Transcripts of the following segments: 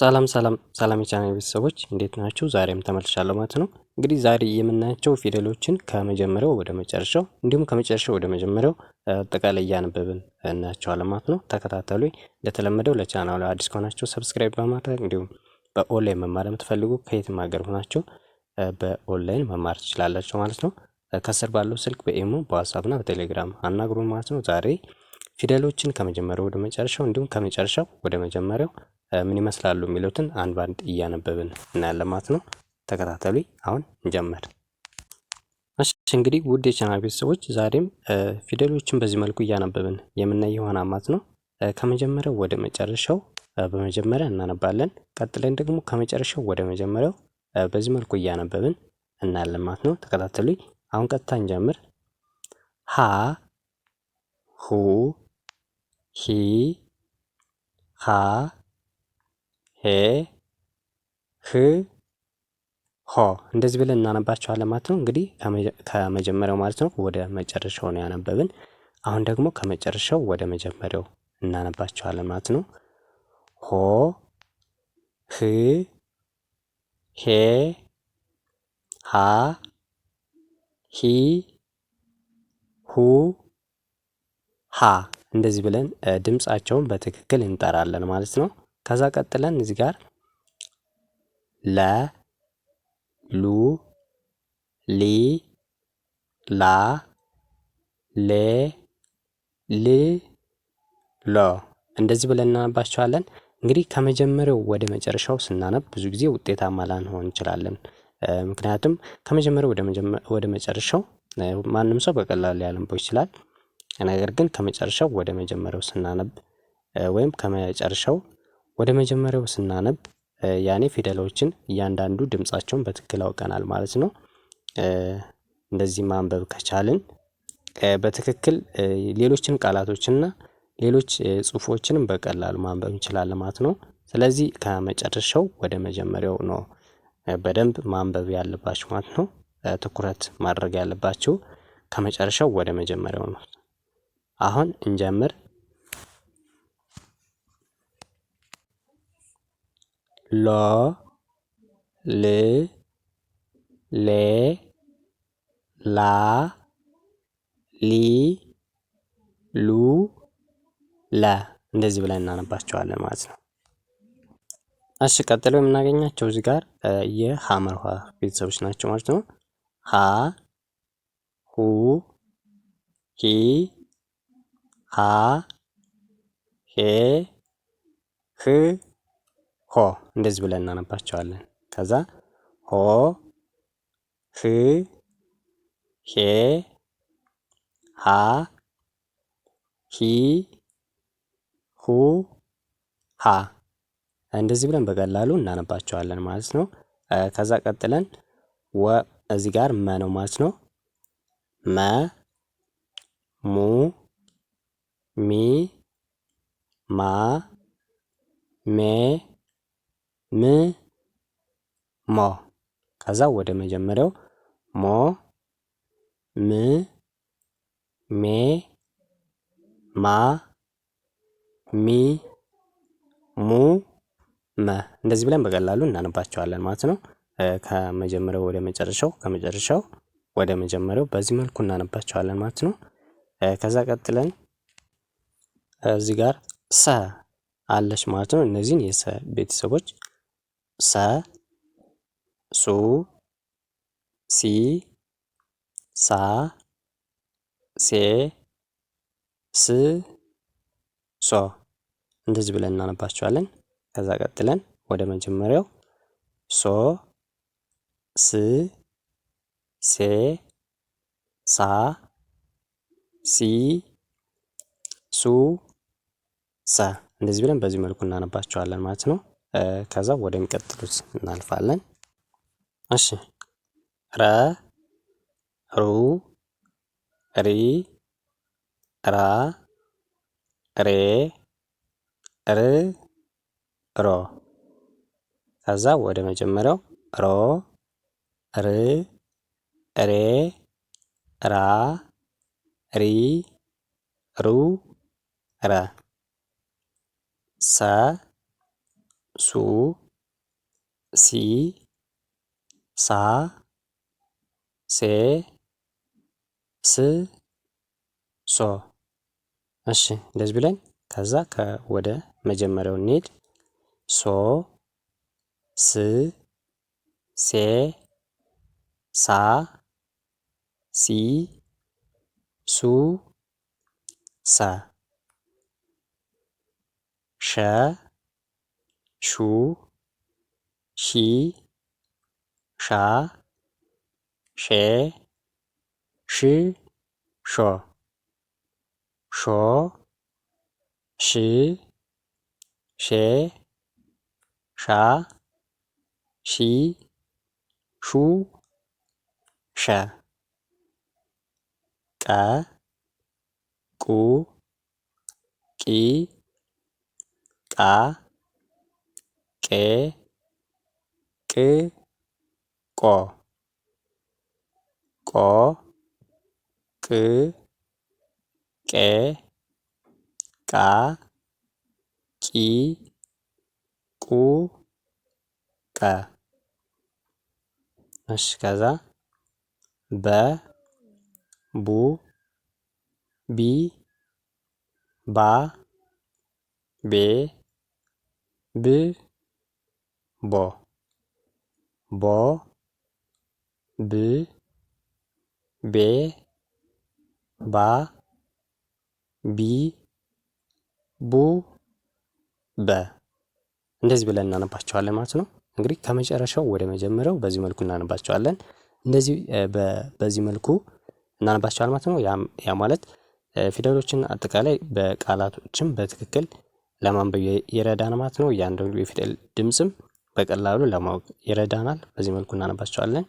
ሰላም ሰላም ሰላም የቻናል ቤተሰቦች እንዴት ናችሁ? ዛሬም ተመልሻለሁ ማለት ነው። እንግዲህ ዛሬ የምናያቸው ፊደሎችን ከመጀመሪያው ወደ መጨረሻው እንዲሁም ከመጨረሻው ወደ መጀመሪያው አጠቃላይ እያነበብን እናያቸዋለን ማለት ነው። ተከታተሉ። እንደተለመደው ለቻናሉ አዲስ ከሆናቸው ሰብስክራይብ በማድረግ እንዲሁም በኦንላይን መማር የምትፈልጉ ከየትም ሀገር ሆናቸው በኦንላይን መማር ትችላላቸው ማለት ነው። ከስር ባለው ስልክ በኢሞ በዋትሳፕና በቴሌግራም አናግሩን ማለት ነው። ዛሬ ፊደሎችን ከመጀመሪያው ወደ መጨረሻው እንዲሁም ከመጨረሻው ወደ መጀመሪያው ምን ይመስላሉ የሚሉትን አንድ ባንድ እያነበብን እናያለን ማለት ነው። ተከታተሉ። አሁን እንጀምር። እሺ እንግዲህ ውድ የቻናል ቤተሰቦች ዛሬም ፊደሎችን በዚህ መልኩ እያነበብን የምናይ ይሆናል ማለት ነው። ከመጀመሪያው ወደ መጨረሻው በመጀመሪያ እናነባለን። ቀጥለን ደግሞ ከመጨረሻው ወደ መጀመሪያው በዚህ መልኩ እያነበብን እናያለን ማለት ነው። ተከታተሉ አሁን ቀጥታ እንጀምር። ሀ ሁ ሂ ሃ ሄ ህ ሆ እንደዚህ ብለን እናነባቸዋለን ማለት ነው። እንግዲህ ከመጀመሪያው ማለት ነው ወደ መጨረሻው ነው ያነበብን። አሁን ደግሞ ከመጨረሻው ወደ መጀመሪያው እናነባቸዋለን ማለት ነው። ሆ ህ ሄ ሃ ሂ ሁ ሃ እንደዚህ ብለን ድምፃቸውን በትክክል እንጠራለን ማለት ነው። ከዛ ቀጥለን እዚህ ጋር ለ ሉ ሊ ላ ሌ ል ሎ እንደዚህ ብለን እናነባቸዋለን። እንግዲህ ከመጀመሪያው ወደ መጨረሻው ስናነብ ብዙ ጊዜ ውጤታማ ላንሆን እንችላለን። ምክንያቱም ከመጀመሪያው ወደ መጨረሻው ማንም ሰው በቀላሉ ሊያነበው ይችላል። ነገር ግን ከመጨረሻው ወደ መጀመሪያው ስናነብ ወይም ከመጨረሻው ወደ መጀመሪያው ስናነብ ያኔ ፊደሎችን እያንዳንዱ ድምፃቸውን በትክክል አውቀናል ማለት ነው። እንደዚህ ማንበብ ከቻልን በትክክል ሌሎችን ቃላቶችንና ሌሎች ጽሁፎችንም በቀላሉ ማንበብ እንችላለን ማለት ነው። ስለዚህ ከመጨረሻው ወደ መጀመሪያው ነው በደንብ ማንበብ ያለባችሁ ማለት ነው። ትኩረት ማድረግ ያለባችሁ ከመጨረሻው ወደ መጀመሪያው ነው። አሁን እንጀምር። ሎ ል ሌ ላ ሊ ሉ ለ እንደዚህ ብለን እናነባቸዋለን ማለት ነው። እሺ ቀጥሎ የምናገኛቸው እዚህ ጋር የሀ መርኋ ቤተሰቦች ናቸው ማለት ነው። ሀ ሁ ሂ ሃ ሄ ህ ሆ እንደዚህ ብለን እናነባቸዋለን። ከዛ ሆ ህ ሄ ሃ ሂ ሁ ሃ እንደዚህ ብለን በቀላሉ እናነባቸዋለን ማለት ነው። ከዛ ቀጥለን ወ እዚህ ጋር መ ነው ማለት ነው። መ ሙ ሚ ማ ሜ ም ሞ ከዛ ወደ መጀመሪያው ሞ ም ሜ ማ ሚ ሙ መ እንደዚህ ብለን በቀላሉ እናነባቸዋለን ማለት ነው። ከመጀመሪያው ወደ መጨረሻው ከመጨረሻው ወደ መጀመሪያው በዚህ መልኩ እናነባቸዋለን ማለት ነው። ከዛ ቀጥለን እዚህ ጋር ሰ አለች ማለት ነው። እነዚህን የሰ ቤተሰቦች ሰ ሱ ሲ ሳ ሴ ስ ሶ እንደዚህ ብለን እናነባቸዋለን። ከዛ ቀጥለን ወደ መጀመሪያው ሶ ስ ሴ ሳ ሲ ሱ ሰ እንደዚህ ብለን በዚህ መልኩ እናነባቸዋለን ማለት ነው። ከዛ ወደሚቀጥሉት እናልፋለን። እሺ ረ ሩ ሪ ራ ሬ ር ሮ ከዛ ወደ መጀመሪያው ሮ ር ሬ ራ ሪ ሩ ረ ሰ ሱ ሲ ሳ ሴ ስ ሶ እሺ እንደዚህ ብለን ከዛ ወደ መጀመሪያው እንሄድ ሶ ስ ሴ ሳ ሲ ሱ ሰ ሸ ሹ ሺ ሻ ሼ ሽ ሾ ሾ ሽ ሼ ሻ ሺ ሹ ሸ ቀ ቁ ቂ ቃ ቄ ቅ ቆ ቆ ቅ ቄ ቃ ቂ ቁ ቀ እሺ ከዛ በ ቡ ቢ ባ ቤ ብ bo bo ብ ቤ ባ ቢ ቡ በ እንደዚህ ብለን እናነባቸዋለን ማለት ነው። እንግዲህ ከመጨረሻው ወደ መጀመሪያው በዚህ መልኩ እናነባቸዋለን። እንደዚህ በዚህ መልኩ እናነባቸዋለን ማለት ነው። ያ ማለት ፊደሎችን አጠቃላይ በቃላቶችም በትክክል ለማንበብ የረዳን ማለት ነው። እያንዳንዱ የፊደል ድምፅም በቀላሉ ለማወቅ ይረዳናል። በዚህ መልኩ እናነባቸዋለን።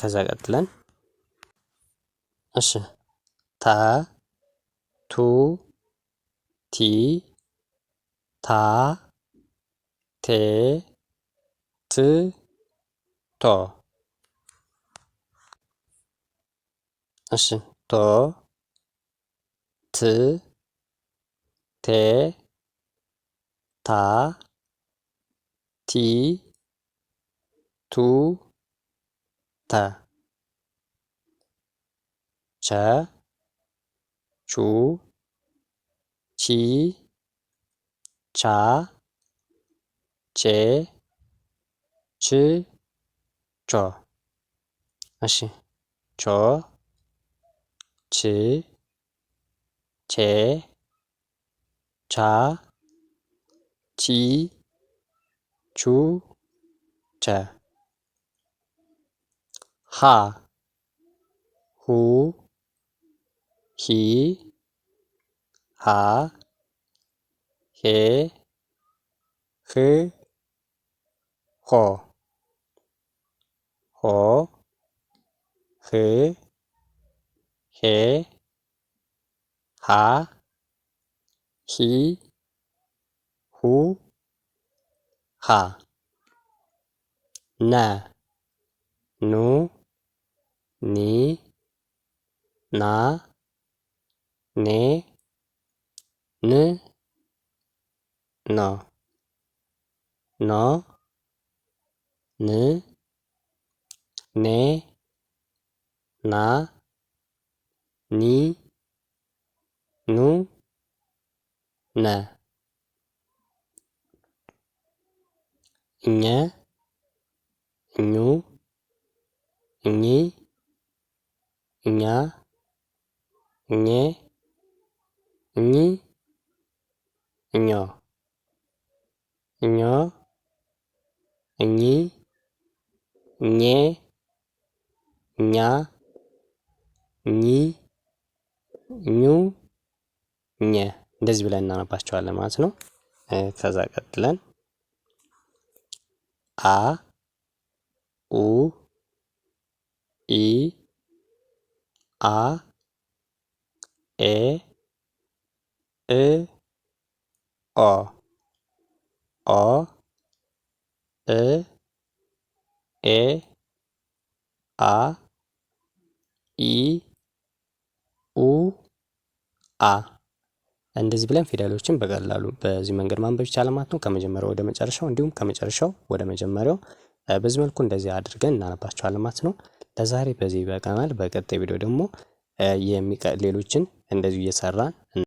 ከዛ ቀጥለን እሺ ታ ቱ ቲ ታ ቴ ት ቶ እሺ ቶ ት ቴ ታ 디, 두, 다. 자, 주, 지, 자, 제, 질, 저. 다시. 저, 지, 제, 자, 지, 주제 하, 후, 히, 하, 해, 흐, 호, 호, 흐, 해, 하, 히, 후, ሀ ነ ኑ ኒ ና ኔ ን ኖ ኖ ን ኔ ና ኒ ኑ ነ ኘ እኙ እኚ እኛ እኜ እኚ እኛ እኛ እኚ እኜ እኛ እኚ እኙ እኘ እንደዚህ ብለን እናነባቸዋለን ማለት ነው። ከዛ ቀጥለን አ ኡ ኢ አ ኤ እ ኦ ኦ እ ኤ አ ኢ ኡ አ እንደዚህ ብለን ፊደሎችን በቀላሉ በዚህ መንገድ ማንበብ ይቻላል ማለት ነው። ከመጀመሪያው ወደ መጨረሻው እንዲሁም ከመጨረሻው ወደ መጀመሪያው በዚህ መልኩ እንደዚህ አድርገን እናነባቸዋለን ማለት ነው። ለዛሬ በዚህ ይበቃናል። በቀጣይ ቪዲዮ ደግሞ ሌሎችን እንደዚሁ እየሰራን